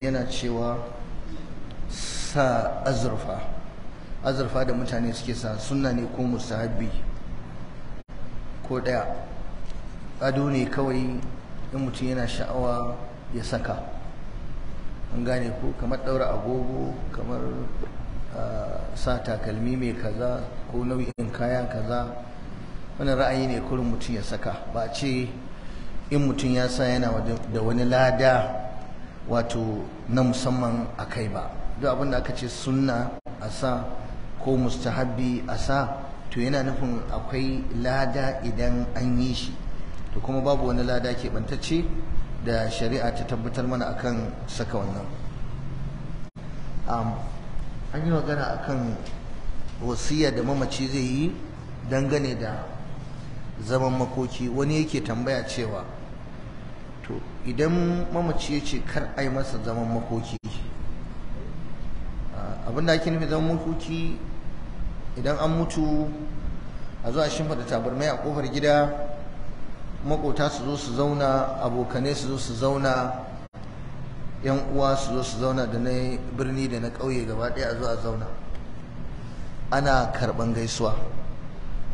yana cewa sa azurfa azurfa da mutane suke sa sunna ne ko mustahabbi ko ɗaya ado ne kawai in mutum yana sha'awa ya saka an gane ko kamar ɗaura agogo kamar sa takalmi mai kaza ko nau'in kaya kaza wani ra'ayi ne kurin mutum ya saka ba ce in mutum ya sa yana da wani lada wato na musamman a kai ba duk abin da aka ce sunna a sa ko mustahabbi a sa to yana nufin akwai lada idan an yi shi to kuma babu wani lada keɓantacce da shari'a ta tabbatar mana akan saka wannan an yi magana akan wasiya da mamaci zai yi dangane da zaman makoki wani yake tambaya cewa to idan mamaci ya ce kar a yi masa zaman makoki ah, abinda ake nufi zaman makoki idan an mutu a zuwa a shimfiɗa tabarmai a kofar gida makota su zo su zauna abokanai su zo su zauna yan uwa su zo su zauna da na birni da na ƙauye gaba ɗaya a zo a zauna ana karɓan gaisuwa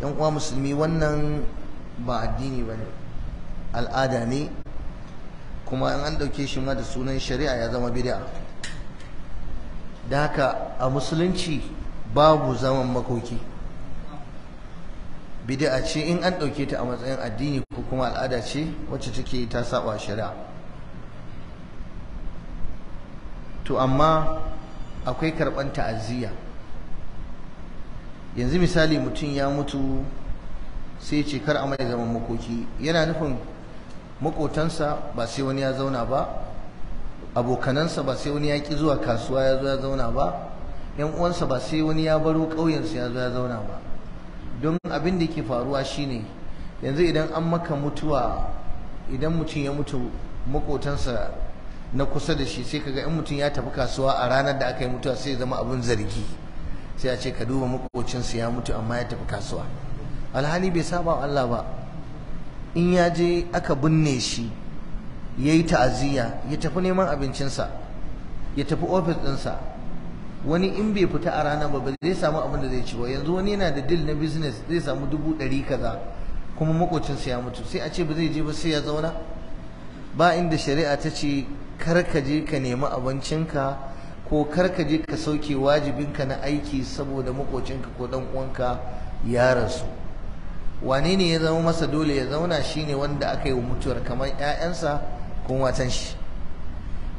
yan uwa musulmi wannan ba addini ba ne al'ada ne kuma in an dauke shi ma da sunan shari'a ya zama bid'a da haka a musulunci babu zaman makoki bid'a ce in an dauke ta a matsayin addini ko kuma al'ada ce wacce take ta saba shari'a to amma akwai karban ta'aziyya yanzu misali mutum ya mutu sai ce kar a mai zaman makoki yana nufin makotansa ba sai wani ya zauna ba abokanansa ba sai wani ya ki zuwa kasuwa ya zo ya zauna ba yan uwansa ba sai wani ya baro ƙauyensa ya zo zauna ba don abin da ke faruwa shine yanzu idan an maka mutuwa idan mutum ya mutu makotansa na kusa da shi sai kaga in mutum ya tafi kasuwa a ranar da aka yi mutuwa sai zama abin zargi sai a ce ka duba makocinsa ya mutu amma ya tafi kasuwa alhali bai saba Allah ba in ya je aka binne shi ya yi ta'aziyya ya tafi neman abincinsa ya tafi ofis ɗinsa wani in bai fita a rana ba zai samu abin da zai ci ba yanzu wani yana da dil na business zai samu dubu ɗari kaza kuma makocinsa ya mutu sai a ce ba zai je ba sai ya zauna ba inda shari'a ta ce kar ka je ka nemi abincinka ko kar ka je ka sauke wajibinka na aiki saboda makocinka ko dan uwanka ya rasu wani ne ya zama masa dole ya zauna shine wanda aka yi wa mutuwar kamar 'ya'yansa ko watan shi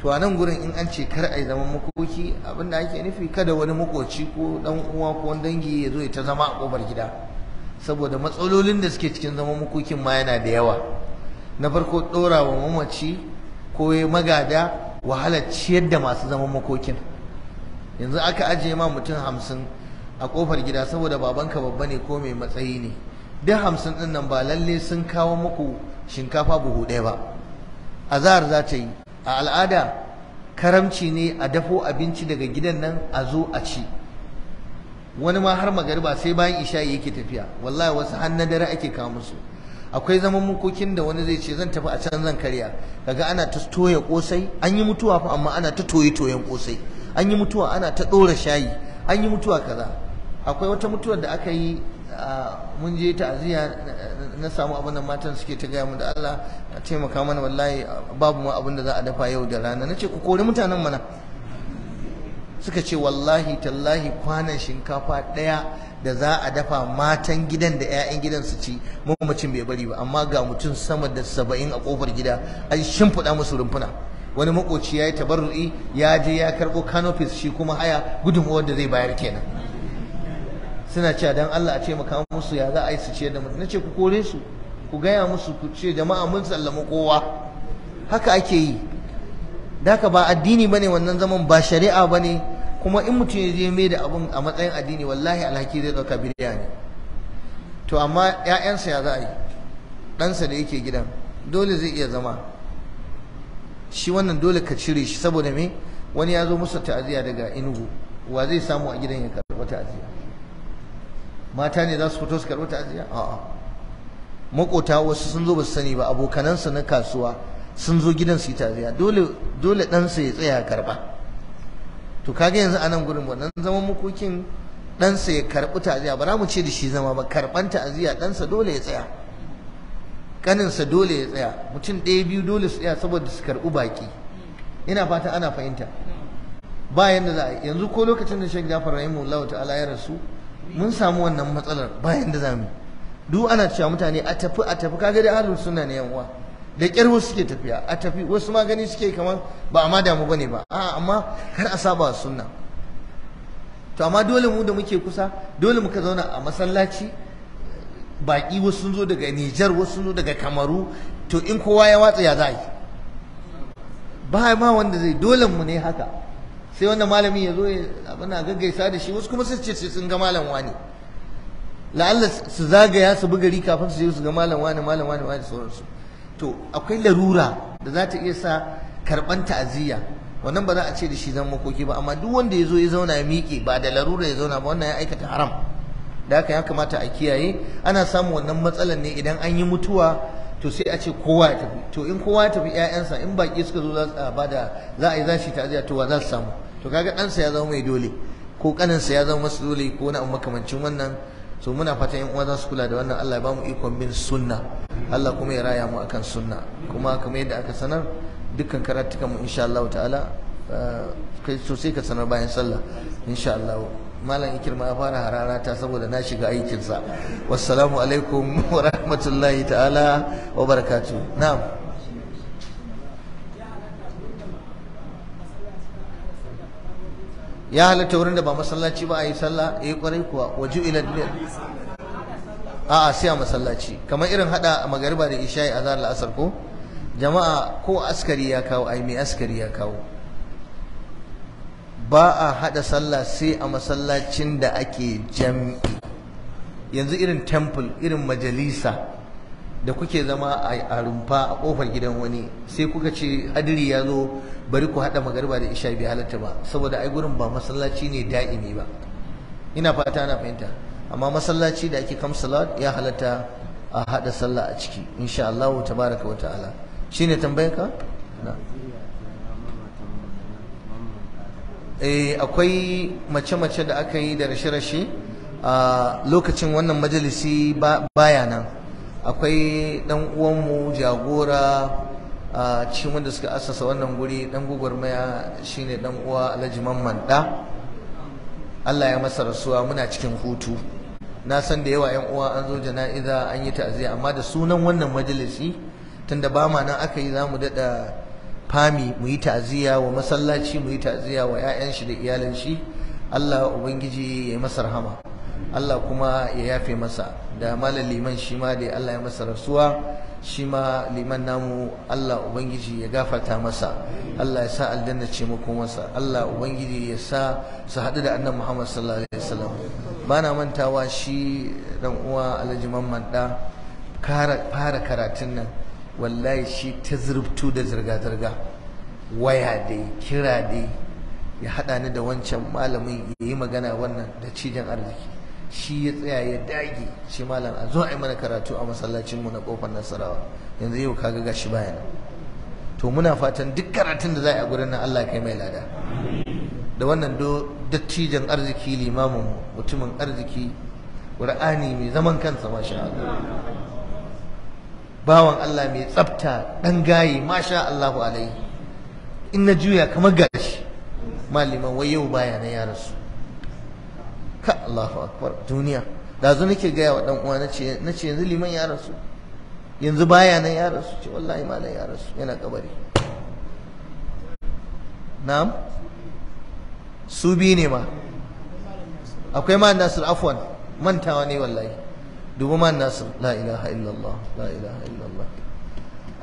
to a nan gurin in an ce kar a yi zaman makoki abinda ake nufi kada wani makoci ko dan uwa ko dangi ya zo ya ta zama a kofar gida saboda matsalolin da suke cikin zaman makokin ma yana da yawa na farko ɗora wa mamaci ko ya magada wahalar ciyar da masu zaman makokin yanzu aka ajiye ma mutum hamsin a ƙofar gida saboda babanka babba ne ko mai matsayi ne duk hamsin ɗin nan ba lalle sun kawo muku shinkafa buhu ɗaya ba zahar za ta yi a al'ada karamci ne a dafo abinci daga gidan nan a zo a ci wani ma har magariba sai bayan isha yake tafiya wallahi wasu har na dare ake kawo musu akwai zaman mukokin da wani zai ce zan tafi a can zan karya kaga ana ta toya kosai an yi mutuwa fa amma ana ta toye toyen kosai an yi mutuwa ana ta ɗora shayi an yi mutuwa kaza akwai wata mutuwar da aka yi mun je ta'aziyya na samu abin da matan suke ta gaya mu da Allah a taimaka mana wallahi babu ma abin da za a dafa yau da rana na ce ku kori mutanen mana suka ce wallahi tallahi kwanan shinkafa ɗaya da za a dafa matan gidan da 'ya'yan gidan su ci mamacin bai bari ba amma ga mutum sama da saba'in a kofar gida an shimfiɗa musu rumfuna wani makoci ya yi tabarru'i ya je ya karɓo kanofis shi kuma haya gudunmawar da zai bayar kenan suna cewa dan Allah a ce maka musu ya za a yi su ce da na nace ku kore su ku gaya musu ku ce jama'a mun sallama kowa haka ake yi daka ba addini bane wannan zaman ba shari'a bane kuma in mutum ya je mai da abun a matsayin addini wallahi alhaki zai dauka bidiya ne to amma ƴaƴansa ya za a yi ɗansa da yake gidan dole zai iya zama shi wannan dole ka cire shi saboda me wani ya zo musu ta'aziya daga inugu wa zai samu a gidan ya karɓi ta'aziya mata ne za su fito su karɓi ta'aziyya a makota wasu sun zo ba su sani ba abokanansu na kasuwa sun zo gidan su yi ta'aziyya dole dole ɗansa ya tsaya karɓa to kage yanzu a nan gurin wannan zaman makokin ɗansa ya karɓi ta'aziyya ba za mu ce da shi zama ba karɓan ta'aziyya ɗansa dole ya tsaya ƙaninsa dole ya tsaya mutum ɗaya biyu dole su tsaya saboda su karɓi baƙi ina fata ana fahimta ba yanda za a yanzu ko lokacin da shek Jafar Rahimullahu ta'ala ya rasu mun samu wannan matsalar bayan da zamu duk ana cewa mutane a tafi a tafi kaga da ahlus sunna ne yanwa da kyar wasu suke tafiya a tafi wasu magani suke kamar ba a ma damu bane ba a amma kar a saba sunna to amma dole mu da muke kusa dole muka zauna a masallaci baki wasu sun zo daga Nijar wasu sun zo daga Kamaru to in kowa ya watsa ya zai ba ma wanda zai dole mu ne haka sai wannan malami ya zo abin a gaggaisa da shi wasu kuma su ce sun ga malam wani la'alla su zagaya su bugari kafin su je su ga malam wani malam wani wani sauransu to akwai larura da za ta iya sa karban ta'aziyya wannan ba za a ce da shi zan makoki ba amma duk wanda ya zo ya zauna ya miƙe ba da larura ya zauna ba wannan ya aikata haram da haka ya kamata a kiyaye ana samun wannan matsalan ne idan an yi mutuwa to sai a ce kowa ya tafi to in kowa ya tafi 'ya'yansa in baƙi suka zo za a da za a yi zashi ta'aziyya to wa za su samu to kaga ɗansa ya zama mai dole ko ƙaninsa ya zama masu dole ko na makamancin wannan so muna fata yan uwa za su kula da wannan Allah ya bamu ikon bin sunna Allah kuma ya raya mu akan sunna kuma kamar yadda aka sanar dukkan karatukan mu insha Allah ta'ala eh, kai so sai ka sanar bayan sallah insha Allah malam ikirma ya fara harara ta saboda na shiga aikinsa wassalamu alaikum wa rahmatullahi ta'ala wa barakatuh na'am ya halatta wurin da ba masallaci ba a yi sallah yi eh, kwarai kuwa waju ila a'a sai a masallaci kamar irin hada magariba da isha'i azhar la'asar ko jama'a ko askari ya kawo ai mai askari ya kawo ba a hada sallah sai a masallacin da ake jam'i yanzu irin temple irin majalisa da kuke zama a rumfa a kofar gidan wani sai kuka ce adiri ya zo bari ku haɗa magariba da isha bai halatta ba saboda ai gurin ba masallaci ne da'imi ba ina fata ana fahimta amma masallaci da ake kam salat ya halatta a haɗa sallah a ciki insha Allah tabaraka wa ta'ala shine tambayar ka eh akwai mace-mace da aka yi da rashe-rashe a lokacin wannan majalisi baya nan akwai dan uwanmu jagora a cikin wanda suka asasa wannan guri dan gugurmaya shine dan uwa Alhaji Mamman da Allah ya masa rasuwa muna cikin hutu na san da yawa yan uwa an zo jana'iza an yi ta'aziyya amma da sunan wannan majalisi tunda ba ma nan aka yi zamu dada fami mu yi ta'aziyya wa masallaci mu yi ta'aziyya wa 'ya'yan shi da iyalan shi Allah ubangiji ya yi masa rahama Allah kuma ya yafe masa da malam liman shi ma dai Allah ya masa rasuwa shi ma liman namu Allah ubangiji ya gafata masa Allah ya sa aljanna ce kuma masa Allah ubangiji ya sa su haɗu da annabi Muhammad sallallahu alaihi wasallam bana mantawa shi dan uwa Alhaji Mamman da fara karatun nan wallahi shi ta zurbtu da zirga zirga waya dai kira dai ya haɗa ni da wancan malamin yayi magana wannan da cijin arziki shi ya tsaya ya dage shi malam a zo a yi mana karatu a masallacinmu na kofar nasarawa yanzu yau kaga gashi bayan to muna fatan duk karatun da za a yi a gurin nan Allah kai mai lada da wannan do dattijan arziki limamin mutumin arziki qur'ani mai zaman kansa masha Allah bawan Allah mai tsafta dan gayi masha Allahu alaihi in na juya kamar gashi malima wai yau baya ya rasu ka Allahu akbar duniya dazu nake gaya wa dan uwa nace nace yanzu liman ya rasu yanzu baya nan ya rasu ce wallahi malam ya rasu yana kabari na'am su bi ne ma akwai ma nasir afwan mantawa ne wallahi dubu ma nasir la ilaha illallah la ilaha illallah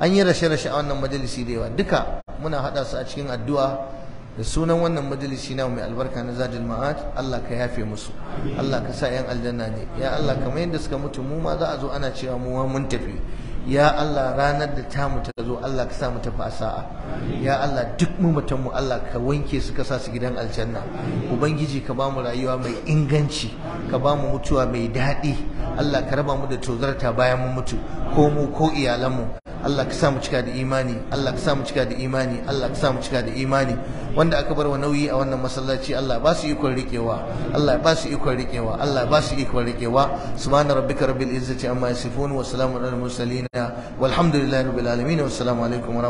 an yi rashe-rashe a wannan majalisi da yawa duka muna haɗa su a cikin addu'a da sunan wannan majalisi na mai albarka na zadil ma'ad Allah ka yafe musu Allah ka sa yan aljanna ne ya Allah kamar yadda suka mutu mu ma za a zo ana cewa mu mun tafi ya Allah ranar da ta mu ta zo Allah ka sa mu tafi a sa'a ya Allah duk mu mutan mu Allah ka wanke su ka sa su gidan aljanna ubangiji ka ba mu rayuwa mai inganci ka ba mu mutuwa mai daɗi Allah ka raba mu da tozarta bayan mu mutu ko mu ko iyalanmu. Allah ka sa mu cika da imani Allah ka sa mu cika da imani Allah ka sa mu cika da imani wanda aka bar wa nauyi a wannan masallaci Allah ba su ikon rikewa Allah ba su ikon rikewa Allah ba su ikon rikewa subhana rabbika rabbil izzati amma yasifun wa salamun alal mursalin walhamdulillahi rabbil alamin wassalamu alaikum